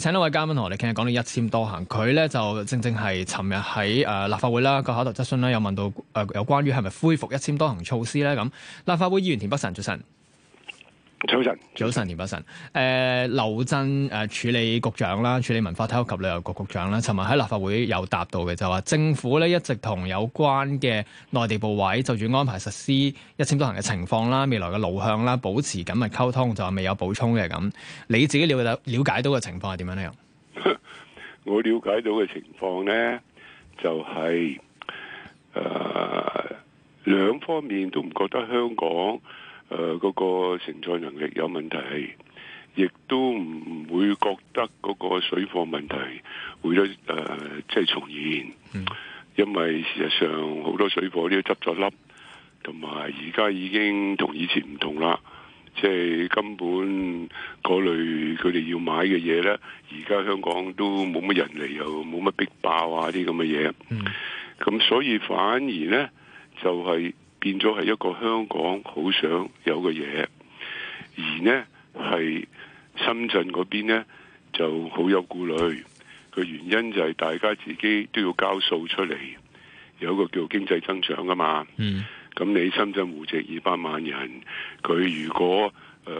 請兩位嘉賓同我哋傾下，講到一簽多行，佢咧就正正係尋日喺誒立法會啦，個口頭質詢啦，有問到誒有關於係咪恢復一簽多行措施咧咁。立法會議員田北辰早晨。早晨，早晨，田北辰。誒，劉振誒，處理局長啦，處理文化、體育及旅遊局局長啦，尋日喺立法會有答到嘅，就話政府咧一直同有關嘅內地部委就住安排實施一簽多行嘅情況啦，未來嘅路向啦，保持緊密溝通，就話未有補充嘅咁。你自己了了解到嘅情況係點樣咧？ 我了解到嘅情況咧，就係、是、誒、呃、兩方面都唔覺得香港。誒嗰個承載能力有問題，亦都唔會覺得嗰個水貨問題會再誒即係重現，嗯、因為事實上好多水貨都執咗笠，同埋而家已經同以前唔同啦，即係根本嗰類佢哋要買嘅嘢呢，而家香港都冇乜人嚟，又冇乜逼爆啊啲咁嘅嘢，咁、嗯、所以反而呢，就係。變咗係一個香港好想有嘅嘢，而呢係深圳嗰邊呢就好有顧慮。個原因就係大家自己都要交數出嚟，有個叫做經濟增長㗎嘛。咁、嗯、你深圳戶籍二百萬人，佢如果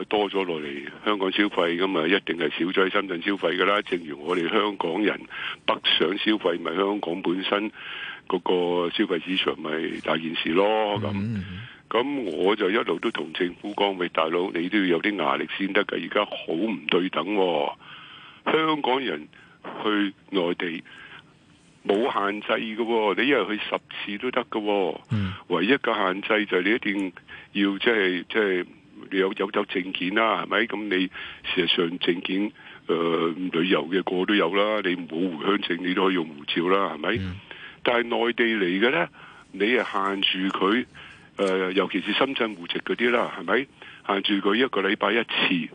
多咗落嚟香港消費咁啊，一定係少咗喺深圳消費噶啦。正如我哋香港人北上消費，咪香港本身。嗰個消費市場咪大件事咯，咁，咁我就一路都同政府講，喂，大佬，你都要有啲壓力先得㗎。而家好唔對等，香港人去內地冇限制嘅，你一日去十次都得嘅。唯一嘅限制就係你一定要即係即係你有有有證件啦，係咪？咁你事實上證件誒旅遊嘅個都有啦，你冇回鄉證你都可以用護照啦，係咪？但係內地嚟嘅咧，你係限住佢，誒、呃、尤其是深圳戶籍嗰啲啦，係咪限住佢一個禮拜一次？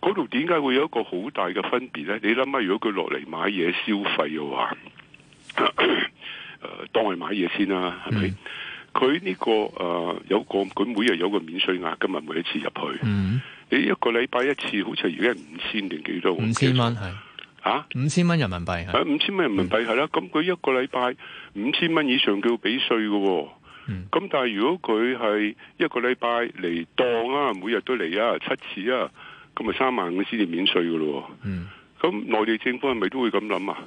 嗰度點解會有一個好大嘅分別咧？你諗下，如果佢落嚟買嘢消費嘅話，誒、呃、當佢買嘢先啦，係咪？佢呢、嗯這個誒、呃、有個佢每日有個免稅額，今日每一次入去，嗯、你一個禮拜一次，好似而家五千定幾多？五千蚊係。啊，五千蚊人民幣，誒、啊，五千蚊人民幣係啦，咁佢、嗯、一個禮拜五千蚊以上佢會俾稅嘅，咁、嗯、但係如果佢係一個禮拜嚟當啊，每日都嚟啊，七次啊，咁咪三萬五先至免稅噶咯，咁內、嗯、地政府係咪都會咁諗啊？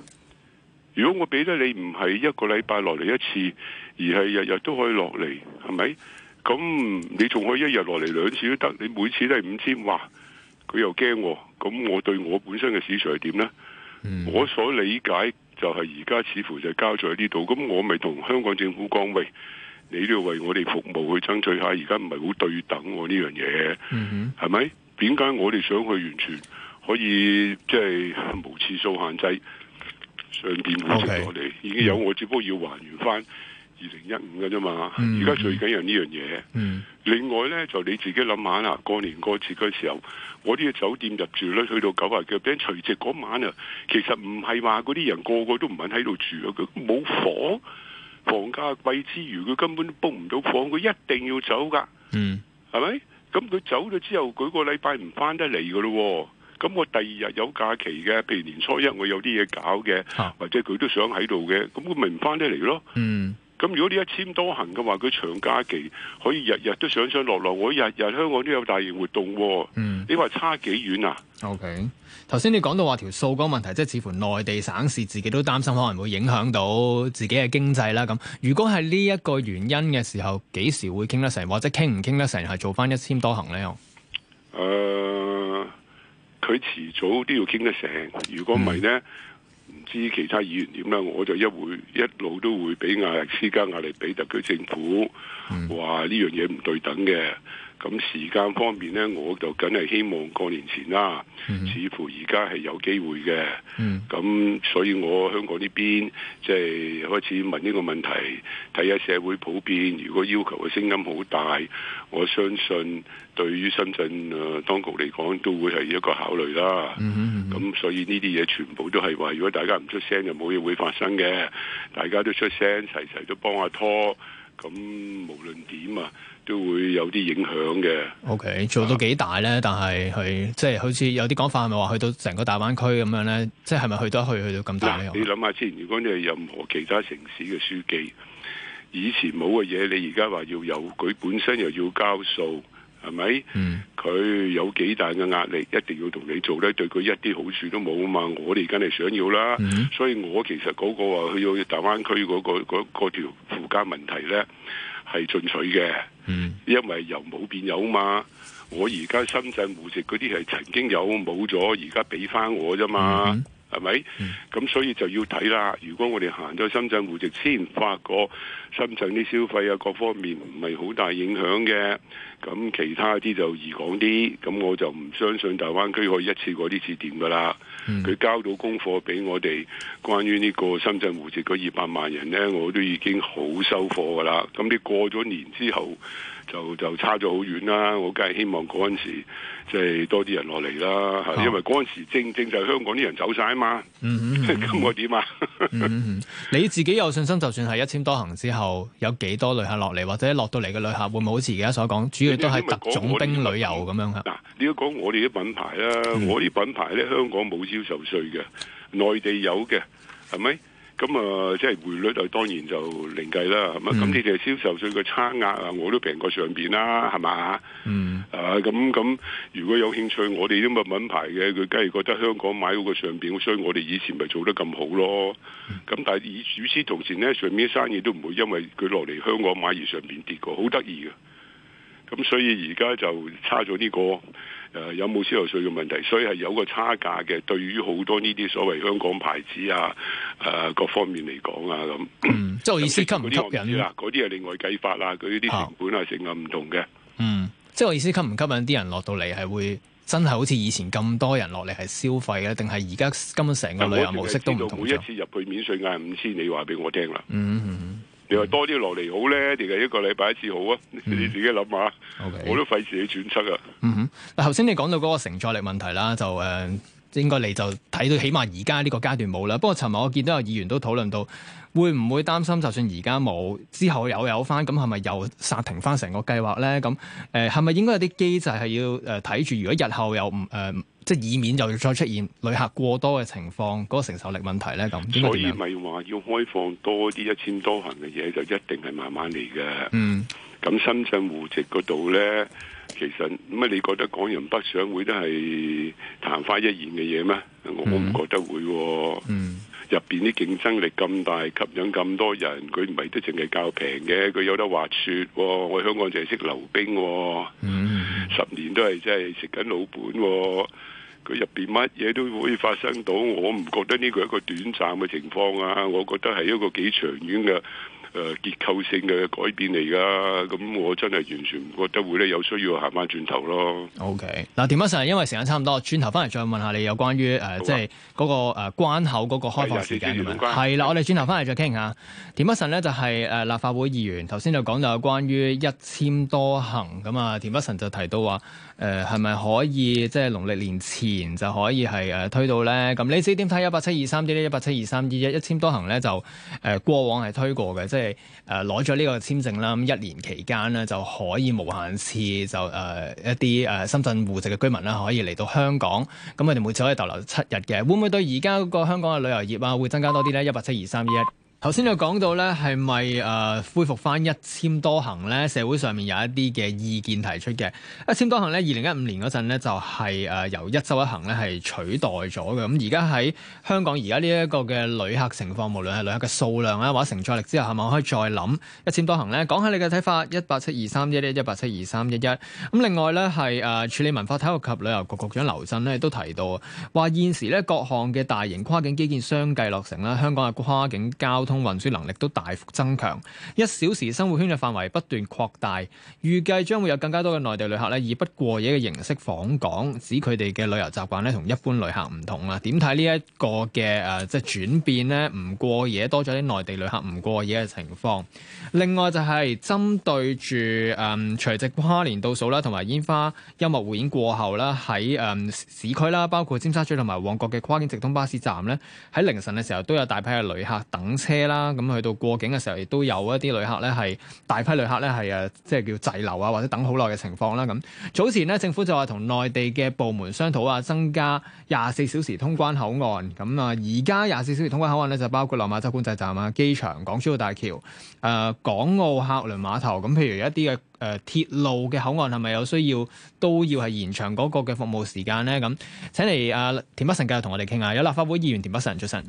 如果我俾得你唔係一個禮拜落嚟一次，而係日日都可以落嚟，係咪？咁你仲可以一日落嚟兩次都得，你每次都係五千，嘩，佢又驚、啊，咁我對我本身嘅市場係點呢？Mm hmm. 我所理解就係而家似乎就交咗喺呢度，咁我咪同香港政府講喂，你都要為我哋服務去爭取下，而家唔係好對等呢、啊、樣嘢，係咪、mm？點、hmm. 解我哋想去完全可以即係、就是、無次數限制上邊會接我哋。」Okay. 已經有我，只不過要還原翻。二零一五嘅啫嘛，而家最緊要呢樣嘢。嗯嗯、另外咧就你自己諗下啦，過年過節嗰時候，我啲嘅酒店入住咧去到九啊幾，並且除夕嗰晚啊，其實唔係話嗰啲人個個都唔肯喺度住啊，佢冇房，房價貴之餘，佢根本都 book 唔到房，佢一定要走㗎。嗯，係咪？咁佢走咗之後，佢個禮拜唔返得嚟嘅咯喎。咁我第二日有假期嘅，譬如年初一我有啲嘢搞嘅，哈或者佢都想喺度嘅，咁佢咪唔返得嚟咯。嗯。咁如果呢一簽多行嘅話，佢長假期可以日日都上上落落，我日日香港都有大型活動。嗯，你話差幾遠啊？OK，頭先你講到話條數嗰個問題，即係似乎內地省市自己都擔心，可能會影響到自己嘅經濟啦。咁如果係呢一個原因嘅時候，幾時會傾得成，或者傾唔傾得成，係做翻一簽多行咧？誒、呃，佢遲早都要傾得成，如果唔係咧。嗯。唔知其他議員點啦，我就一會一路都會俾壓力，施加壓力俾特區政府，話呢樣嘢唔對等嘅。咁時間方面咧，我就梗係希望過年前啦。Mm hmm. 似乎而家係有機會嘅。咁、mm hmm. 所以我香港呢邊即係、就是、開始問呢個問題，睇下社會普遍，如果要求嘅聲音好大，我相信對於深圳啊、呃、當局嚟講都會係一個考慮啦。咁、mm hmm. 所以呢啲嘢全部都係話，如果大家唔出聲就冇嘢會發生嘅。大家都出聲，齊齊都幫下拖。咁無論點啊，都會有啲影響嘅。OK，做到幾大咧？啊、但係係即係，好似有啲講法，係咪話去到成個大灣區咁樣咧？即係係咪去到去去到咁大咧？你諗下先，如果你係任何其他城市嘅書記，以前冇嘅嘢，你而家話要有，佢本身又要交數。係咪？佢、mm hmm. 有幾大嘅壓力，一定要同你做咧，對佢一啲好處都冇啊嘛！我哋梗係想要啦，mm hmm. 所以我其實嗰個話去到大灣區嗰個條、那個、附加問題咧，係進取嘅，mm hmm. 因為由冇變有嘛。我而家深圳戶籍嗰啲係曾經有冇咗，而家俾翻我啫嘛。Mm hmm. 係咪？咁所以就要睇啦。如果我哋行咗深圳戶籍先，發覺深圳啲消費啊各方面唔係好大影響嘅。咁其他啲就易講啲。咁我就唔相信大灣區可以一次過啲次點㗎啦。佢、嗯、交到功課俾我哋，關於呢個深圳戶籍嗰二百萬人呢，我都已經好收貨㗎啦。咁你過咗年之後。就就差咗好遠啦！我梗係希望嗰陣時即係多啲人落嚟啦，哦、因為嗰陣時正正就係香港啲人走晒啊嘛。嗯哼，咁我點啊？你自己有信心，就算係一簽多行之後，有幾多旅客落嚟，或者落到嚟嘅旅客，會唔會好似而家所講，主要都係特種兵旅遊咁樣？嗱，你要講我哋啲品牌啦，嗯、我啲品牌咧，香港冇銷售稅嘅，內地有嘅係咪？是不是咁啊，即係匯率就當然就另計啦。咁你哋銷售稅嘅差額啊，我都平過上邊啦，係嘛？嗯、啊咁咁，如果有興趣，我哋都咪品牌嘅，佢梗係覺得香港買好過上邊，所以我哋以前咪做得咁好咯。咁、嗯、但係以與此同時咧，上邊生意都唔會因為佢落嚟香港買而上面跌過，好得意嘅。咁所以而家就差咗呢、呢個。誒，有冇消費稅嘅問題？所以係有個差價嘅。對於好多呢啲所謂香港牌子啊，誒、啊，各方面嚟講啊，咁、嗯，即係我意思吸唔吸引啦？嗰啲係另外計法啦，佢呢啲成本不的啊，成啊唔同嘅。嗯，即係我意思吸唔吸引啲人落到嚟係會真係好似以前咁多人落嚟係消費咧，定係而家根本成個旅遊模式都唔同。每一次入去免稅，嗌五千，你話俾我聽啦。嗯。嗯你話多啲落嚟好咧，定係一個禮拜一次好啊？Mm hmm. 你自己諗下，Okay. 我都費事你轉測啊。嗯嗱、mm，頭、hmm. 先你講到嗰個承載力問題啦，就誒、呃、應該你就睇到，起碼而家呢個階段冇啦。不過尋日我見到有議員都討論到，會唔會擔心？就算而家冇，之後又有返，咁係咪又煞停返成個計劃咧？咁誒係咪應該有啲機制係要誒睇住？如果日後又唔誒？呃即以免又要再出現旅客過多嘅情況，嗰、嗰個承受力問題咧咁。所以咪係話要開放多啲一,一簽多行嘅嘢，就一定係慢慢嚟嘅。嗯。咁深圳戶籍嗰度咧，其實咁啊，你覺得港人北上會都係曇花一現嘅嘢咩？嗯、我唔覺得會、哦。嗯。入邊啲競爭力咁大，吸引咁多人，佢唔係都淨係較平嘅，佢有得滑雪、哦。我在香港淨係識溜冰、哦，嗯、十年都係即係食緊老本、哦。佢入邊乜嘢都可以發生到，我唔覺得呢個係一個短暫嘅情況啊，我覺得係一個幾長遠嘅。誒結構性嘅改變嚟㗎，咁我真係完全唔覺得會咧有需要行翻轉頭咯。OK，嗱，田北辰，因為時間差唔多，轉頭翻嚟再問下你有關於誒，即係嗰個誒關口嗰個開放時間咁樣。是關係啦、嗯，我哋轉頭翻嚟再傾下。田北辰呢就係、是、誒、呃、立法會議員，頭先就講到關於一簽多行咁啊、嗯。田北辰就提到話誒，係、呃、咪可以即係農曆年前就可以係誒推到咧？咁你知點睇？一八七二三點咧？一八七二三二一，一簽多行咧就誒、呃、過往係推過嘅，即即係誒攞咗呢個簽證啦，咁一年期間咧就可以無限次就誒、呃、一啲誒深圳戶籍嘅居民啦，可以嚟到香港，咁佢哋每次可以逗留七日嘅，會唔會對而家嗰個香港嘅旅遊業啊會增加多啲咧？一八七二三二一。頭先你講到咧，係咪誒恢復翻一簽多行咧？社會上面有一啲嘅意見提出嘅一簽多行咧，二零一五年嗰陣咧就係由一周一行咧係取代咗嘅。咁而家喺香港而家呢一個嘅旅客情況，無論係旅客嘅數量啊或者承載力之後係咪可以再諗一簽多行咧？講下你嘅睇法，一八七二三一一一八七二三一一。咁另外咧係誒處理文化體育及旅遊局局長劉震咧都提到，話現時咧各項嘅大型跨境基建相繼落成啦，香港嘅跨境交通通運輸能力都大幅增強，一小時生活圈嘅範圍不斷擴大，預計將會有更加多嘅內地旅客咧，以不過夜嘅形式訪港，使佢哋嘅旅遊習慣咧同一般旅客唔同啊。點睇呢一個嘅誒即係轉變咧？唔過夜多咗啲內地旅客唔過夜嘅情況。另外就係針對住誒除夕跨年倒數啦，同埋煙花音樂匯演過後啦，喺誒、嗯、市區啦，包括尖沙咀同埋旺角嘅跨境直通巴士站咧，喺凌晨嘅時候都有大批嘅旅客等車。啦，咁去到過境嘅時候，亦都有一啲旅客咧，係大批旅客咧，係誒，即係叫滯留啊，或者等好耐嘅情況啦。咁早前呢，政府就話同內地嘅部門商討啊，增加廿四小時通關口岸。咁啊，而家廿四小時通關口岸咧，就包括落馬洲管制站啊、機場、港珠澳大橋、誒、呃、港澳客輪碼頭。咁譬如一啲嘅誒鐵路嘅口岸係咪有需要都要係延長嗰個嘅服務時間咧？咁請嚟阿、呃、田北辰繼續同我哋傾下。有立法會議員田北辰早晨。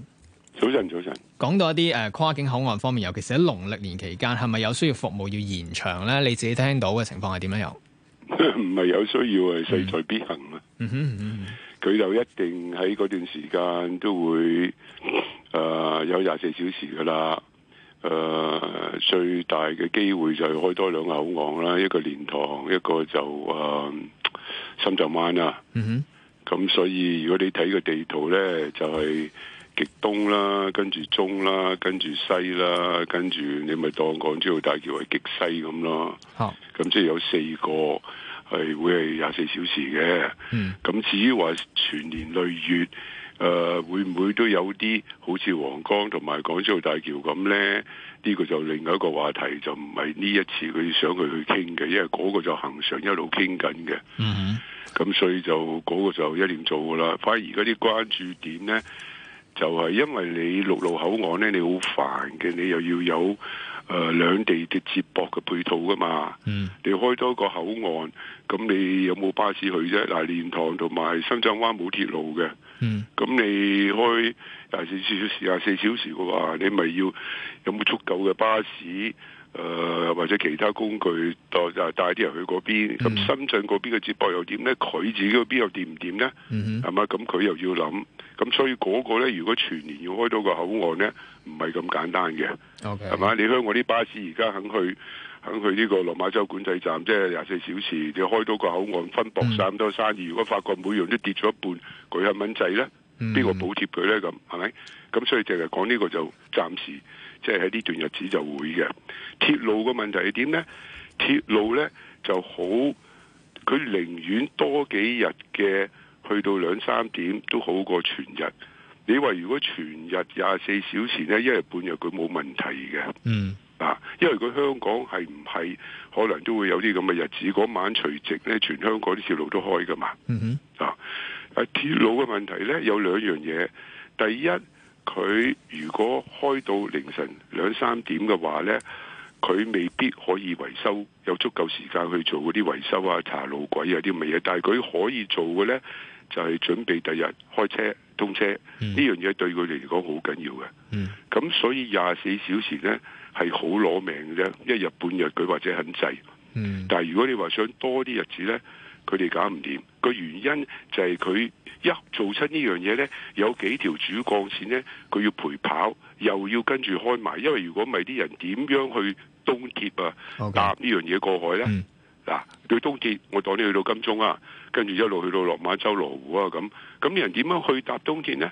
早晨，早晨。講到一啲誒、呃、跨境口岸方面，尤其是喺農曆年期間，係咪有需要服務要延長咧？你自己聽到嘅情況係點咧？又唔係有需要係勢在必行啊！嗯嗯、哼，佢、嗯、就一定喺嗰段時間都會誒、呃、有廿四小時噶啦。誒、呃，最大嘅機會就係多開多兩個口岸啦，一個蓮塘，一個就誒深圳灣啊。呃、嗯哼。咁所以如果你睇個地圖咧，就係、是。極東啦，跟住中啦，跟住西啦，跟住你咪當港珠澳大橋係極西咁咯。咁、oh. 即係有四個係會係廿四小時嘅。咁、mm. 至於話全年累月誒、呃，會唔會都有啲好似黃江同埋港珠澳大橋咁咧？呢、呢個就另外一個話題，就唔係呢一次佢想佢去傾嘅，因為嗰個就恆常一路傾緊嘅。咁、mm hmm. 所以就嗰、嗰個就一定做噶啦。反而而家啲關注點咧。就係因為你陸路口岸咧，你好煩嘅，你又要有誒兩、呃、地嘅接駁嘅配套噶嘛？嗯，你開多個口岸，咁你有冇巴士去啫？嗱，蓮塘同埋深圳灣冇鐵路嘅，嗯，咁你開廿四小時廿四小時嘅話，你咪要有冇足夠嘅巴士誒、呃、或者其他工具代就帶啲人去嗰邊？咁、嗯、深圳嗰邊嘅接駁又點咧？佢自己嗰邊又掂唔掂咧？嗯係哼嘛？咁佢又要諗。咁所以嗰個咧，如果全年要開到個口岸咧，唔係咁簡單嘅，係嘛 Okay.？你香港啲巴士而家肯去，肯去呢個落馬洲管制站，即係廿四小時，你開到個口岸分薄咁多生意。嗯、如果發覺每樣都跌咗一半，佢肯唔肯制咧？邊個補貼佢咧？咁係咪？咁所以淨係講呢個就暫時，即係喺呢段日子就會嘅。鐵路嘅問題係點咧？鐵路咧就好，佢寧願多幾日嘅。去到兩三點都好過全日。你話如果全日廿四小時呢，一日半日佢冇問題嘅。嗯，啊，因為佢香港係唔係可能都會有啲咁嘅日子？嗰晚除夕呢，全香港啲鐵路都開噶嘛。嗯哼，啊，鐵路嘅問題呢，有兩樣嘢。第一，佢如果開到凌晨兩三點嘅話呢，佢未必可以維修，有足夠時間去做嗰啲維修啊、查路軌啊啲咁嘅嘢。但係佢可以做嘅呢。就係準備第日開車通車，呢、嗯、樣嘢對佢哋嚟講好緊要嘅。咁、嗯、所以廿四小時呢係好攞命嘅，一日半日佢或者很滯。嗯、但係如果你話想多啲日子呢，佢哋搞唔掂。個原因就係佢一做出呢樣嘢呢，有幾條主幹線呢，佢要陪跑，又要跟住開埋。因為如果唔係啲人點樣去東鐵啊搭呢樣嘢過海呢？嗯啊！對東鐵，我當你去到金鐘啊，跟住一路去到落馬洲羅湖啊，咁咁啲人點樣去搭東鐵呢？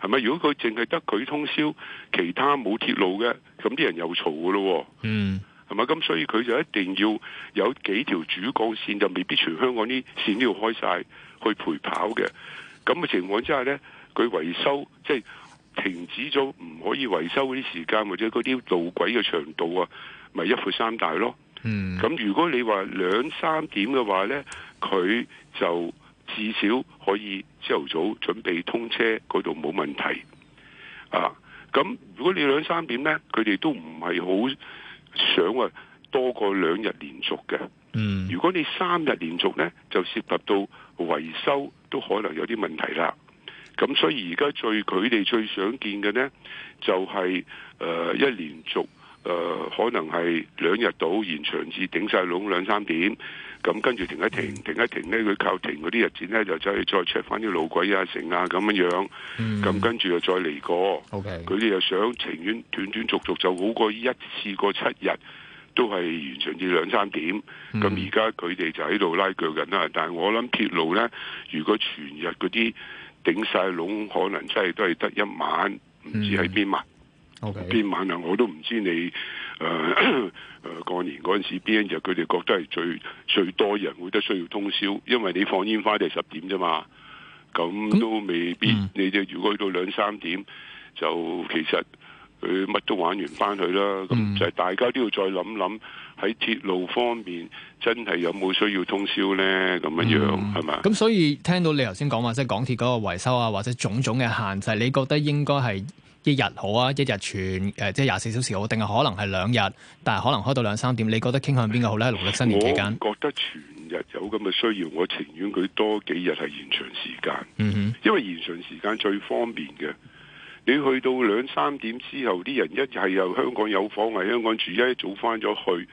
係咪如果佢淨係得佢通宵，其他冇鐵路嘅，咁啲人又嘈噶咯？嗯，係咪咁？所以佢就一定要有幾條主幹線，就未必全香港啲線都要開晒去陪跑嘅。咁嘅情況之下呢，佢維修即係停止咗，唔可以維修嗰啲時間或者嗰啲路軌嘅長度啊，咪一闊三大咯。嗯，咁如果你話兩三點嘅話呢，佢就至少可以朝頭早準備通車嗰度冇問題。啊，咁如果你兩三點呢，佢哋都唔係好想啊多過兩日連續嘅。嗯，如果你三日連續呢，就涉及到維修都可能有啲問題啦。咁所以而家最佢哋最想見嘅呢，就係、是、誒、呃、一連續。誒、呃、可能係兩日到，延長至頂晒籠兩三點，咁跟住停一停，停一停呢，佢靠停嗰啲日子呢，就走去再 check 翻啲路軌啊，成啊咁樣樣，咁、嗯、跟住又再嚟過。佢哋又想情願斷斷續續就好過一次過七日都係延長至兩三點。咁而家佢哋就喺度拉鋸緊啦。但係我諗鐵路呢，如果全日嗰啲頂晒籠，可能真係都係得一晚，唔知喺邊埋。嗯邊 Okay. 晚啊？我都唔知你誒誒、呃呃、過年嗰陣時，邊一日佢哋覺得係最最多人，會得需要通宵，因為你放煙花就係十點啫嘛，咁都未必。嗯、你哋如果去到兩三點，就其實佢乜都玩完翻去啦。咁、嗯、就大家都要再諗諗，喺鐵路方面真係有冇需要通宵咧？咁樣樣係嘛？咁吧所以聽到你頭先講話，即、就、係、是、港鐵嗰個維修啊，或者種種嘅限制，你覺得應該係？一日好啊，一日全誒、呃、即係廿四小時好，定係可能係兩日，但係可能開到兩三點。你覺得傾向邊個好咧？農曆新年期間，我覺得全日有咁嘅需要，我情願佢多幾日係延長時間。嗯哼因為延長時間最方便嘅，你去到兩三點之後，啲人一係由香港有房係香港住，一早翻咗去。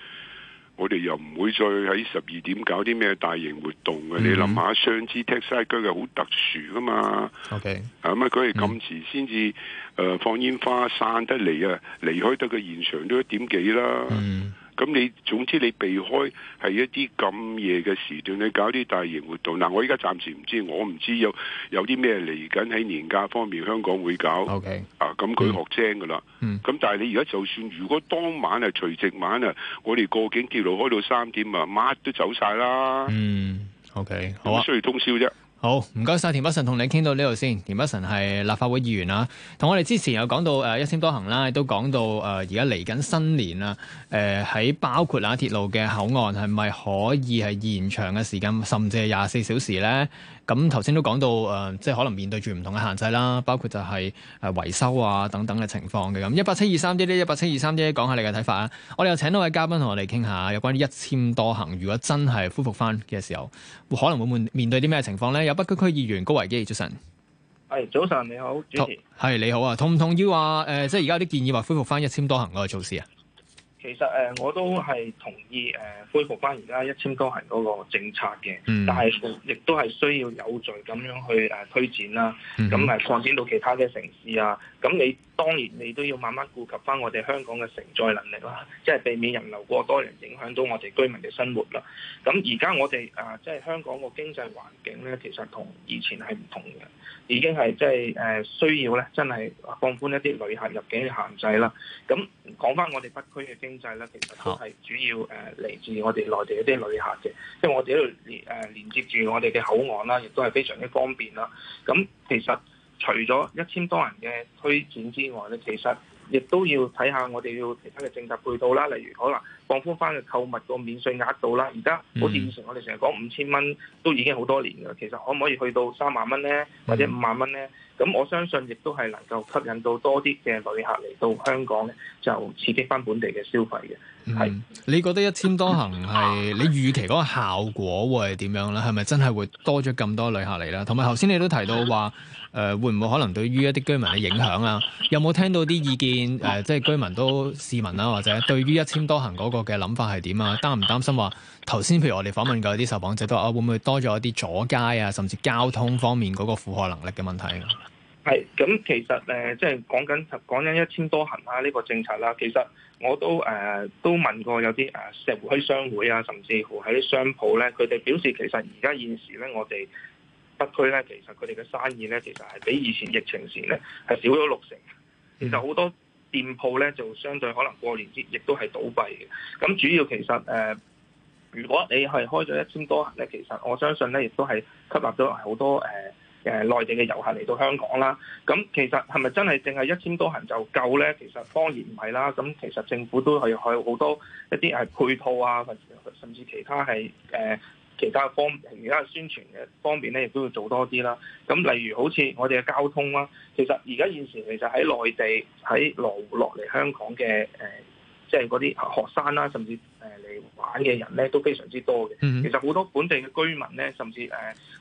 我哋又唔會再喺十二點搞啲咩大型活動嘅，嗯、你諗下上次 Taxi 區嘅好特殊噶嘛？OK，咁咪，佢哋咁遲先至誒放煙花散得嚟啊，離開得個現場都一點幾啦。嗯。咁你總之你避開係一啲咁夜嘅時段，你搞啲大型活動。嗱、啊，我而家暫時唔知，我唔知有有啲咩嚟緊喺年假方面香港會搞。O K. 啊，咁佢學精噶啦。咁、嗯、但係你而家就算如果當晚係除夕晚啊，我哋過境鐵路開到三點、嗯 okay. 啊，乜都走晒啦。嗯。O K. 好啊。需要通宵啫。好，唔該晒。田北辰，同你傾到呢度先。田北辰係立法會議員啊，同我哋之前又講到一簽多行啦，都講到誒而家嚟緊新年啦，誒、呃、喺包括啦鐵路嘅口岸係咪可以係延長嘅時間，甚至係廿四小時咧？咁頭先都講到、呃、即係可能面對住唔同嘅限制啦，包括就係、是、誒、呃、維修啊等等嘅情況嘅咁。1, 1, 一八七二三啲咧，一八七二三 D 講下你嘅睇法啊！我哋又請到位嘉賓同我哋傾下，有關於一簽多行，如果真係恢復翻嘅時候，可能會面面對啲咩情況咧？有北區區議員高維基，早晨。係，早晨你好，主持。係你好啊，同唔同意啊？呃、即係而家啲建議話恢復翻一簽多行嗰個措施啊？其實誒，我都係同意恢復翻而家一簽多行嗰個政策嘅，嗯、但係亦都係需要有序咁樣去推展啦，咁誒、嗯、擴展到其他嘅城市啊。咁你當然你都要慢慢顧及翻我哋香港嘅承載能力啦，即係避免人流過多人影響到我哋居民嘅生活啦。咁而家我哋即係香港個經濟環境咧，其實同以前係唔同嘅。已經係即係誒需要咧，真係放寬一啲旅客入境嘅限制啦。咁講翻我哋北區嘅經濟咧，其實都係主要誒嚟自我哋內地一啲旅客嘅，因為我哋喺度連誒連接住我哋嘅口岸啦，亦都係非常之方便啦。咁其實除咗一簽多行嘅推展之外咧，其實。亦都要睇下我哋要其他嘅政策配套啦，例如可能放寬翻嘅購物個免稅額度啦。而家好似以前我哋成日講五千蚊都已經好多年㗎，其實可唔可以去到三萬蚊咧，或者五萬蚊咧？咁、嗯、我相信亦都係能夠吸引到多啲嘅旅客嚟到香港咧，就刺激翻本地嘅消費嘅。係、嗯、是你覺得一簽多行係你預期嗰個效果會係點樣咧？係咪真係會多咗咁多旅客嚟啦？同埋頭先你都提到話。誒、呃、會唔會可能對於一啲居民嘅影響啊？有冇聽到啲意見？誒、呃、即係居民都市民啊，或者對於一簽多行嗰個嘅諗法係點啊？擔唔擔心話頭先？剛才譬如我哋訪問過啲受訪者都話：哦、啊，會唔會多咗一啲阻街啊？甚至交通方面嗰個負荷能力嘅問題？係咁，其實誒、呃、即係講緊講緊一簽多行啊呢、這個政策啦、啊。其實我都誒、呃、都問過有啲誒石湖墟商會啊，甚至乎喺啲商鋪咧，佢哋表示其實而家現時咧，我哋。區咧，其實佢哋嘅生意咧，其實係比以前疫情時咧係少咗六成。其實好多店鋪咧，就相對可能過年節亦都係倒閉嘅。咁主要其實誒、呃，如果你係開咗一簽多行咧，其實我相信咧，亦都係吸納咗好多誒誒內地嘅遊客嚟到香港啦。咁其實係咪真係淨係一簽多行就夠咧？其實當然唔係啦。咁其實政府都係有好多一啲係配套啊，或甚至其他係誒。呃其他方而家嘅宣傳嘅方面咧，亦都會做多啲啦。咁例如好似我哋嘅交通啦，其實而家現時，其實喺內地喺羅湖落嚟香港嘅誒，即係嗰啲學生啦，甚至誒嚟玩嘅人咧都非常之多嘅。其實好多本地嘅居民咧，甚至誒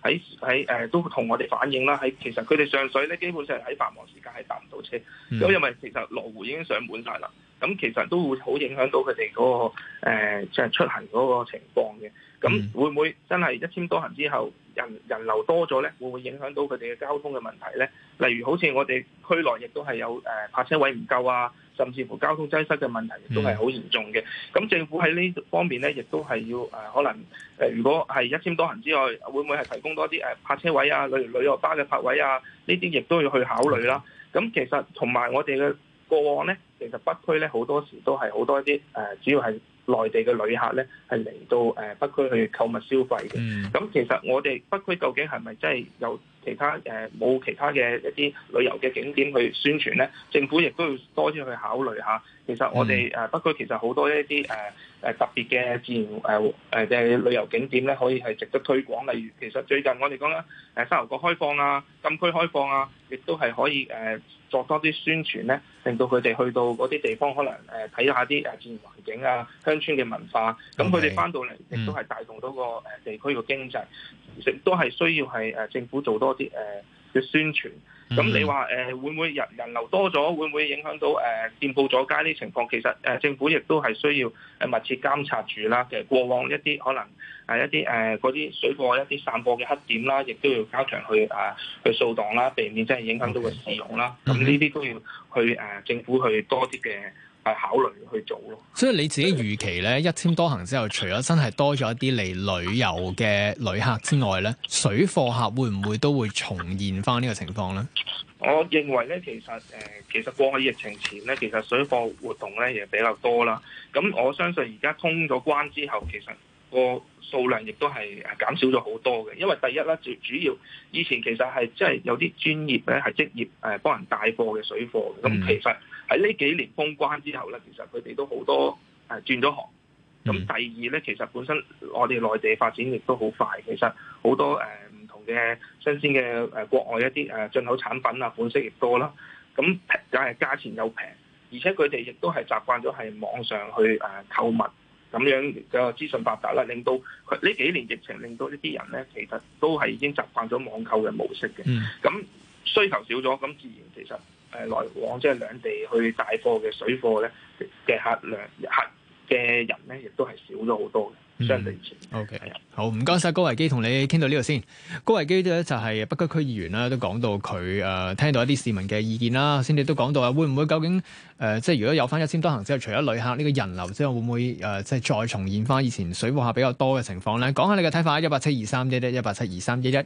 喺喺誒都同我哋反映啦，喺其實佢哋上水咧，基本上喺繁忙時間係搭唔到車，咁因為其實羅湖已經上滿曬啦。咁其實都會好影響到佢哋嗰個誒即係出行嗰個情況嘅。咁會唔會真係一簽多行之後人人流多咗呢？會唔會影響到佢哋嘅交通嘅問題呢？例如好似我哋區內亦都係有誒、呃、泊車位唔夠啊，甚至乎交通擠塞嘅問題亦都係好嚴重嘅。咁、嗯、政府喺呢方面呢，亦都係要、呃、可能、呃、如果係一簽多行之外，會唔會係提供多啲誒、呃、泊車位啊？例如旅遊巴嘅泊位啊，呢啲亦都要去考慮啦。咁、嗯、其實同埋我哋嘅個案呢，其實北區呢，好多時都係好多啲、呃、主要係。內地嘅旅客咧，係嚟到誒、呃、北區去購物消費嘅。咁其實我哋北區究竟係咪真係有其他誒冇、呃、其他嘅一啲旅遊嘅景點去宣傳咧？政府亦都要多啲去考慮一下。其實我哋誒、嗯呃、北區其實好多一啲誒。呃誒特別嘅自然誒誒嘅旅遊景點咧，可以係值得推廣。例如，其實最近我哋講啦，誒沙頭角開放啊，禁區開放啊，亦都係可以誒、呃、作多啲宣傳咧，令到佢哋去到嗰啲地方，可能誒睇下啲誒自然環境啊、鄉村嘅文化，咁佢哋翻到嚟亦都係帶動到個誒地區嘅經濟，亦都係需要係、呃、政府做多啲誒。呃嘅宣傳，咁你話誒、呃、會唔會人人流多咗，會唔會影響到誒店鋪阻街呢？呃、情況其實、呃、政府亦都係需要密切監察住啦。其實過往一啲可能係、啊、一啲誒嗰啲水貨一啲散播嘅黑點啦，亦都要加強去啊去掃蕩啦，避免真係影響到個市容啦。咁呢啲都要去誒、呃、政府去多啲嘅。係考慮去做咯。所以你自己預期咧，一簽多行之後，除咗真係多咗一啲嚟旅遊嘅旅客之外咧，水貨客會唔會都會重現翻呢個情況咧？我認為咧，其實誒、呃，其實過去疫情前咧，其實水貨活動咧亦比較多啦。咁我相信而家通咗關之後，其實個數量亦都係減少咗好多嘅。因為第一啦，最主要以前其實係即係有啲專業咧係職業誒幫人帶貨嘅水貨嘅，咁其實。喺呢幾年封關之後咧，其實佢哋都好多誒轉咗行。咁第二咧，其實本身我哋內地發展亦都好快，其實好多誒唔同嘅新鮮嘅誒國外一啲誒進口產品啊，款式亦多啦。咁又係價錢又平，而且佢哋亦都係習慣咗喺網上去誒購物，咁樣嘅資訊發達啦，令到呢幾年疫情令到呢啲人咧，其實都係已經習慣咗網購嘅模式嘅。咁需求少咗，咁自然其實。誒來往即係兩地去帶貨嘅水貨咧嘅客量客嘅人咧，亦都係少咗好多嘅相對 O K，好唔該晒，高維基，同你傾到呢度先。高維基就係北區區議員啦，都講到佢誒聽到一啲市民嘅意見啦，先至都講到啊，會唔會究竟誒即係如果有翻一簽多行之後，除咗旅客呢個人流之後，會唔會誒即係再重現翻以前水貨客比較多嘅情況咧？講下你嘅睇法一八七二三一一一八七二三一一。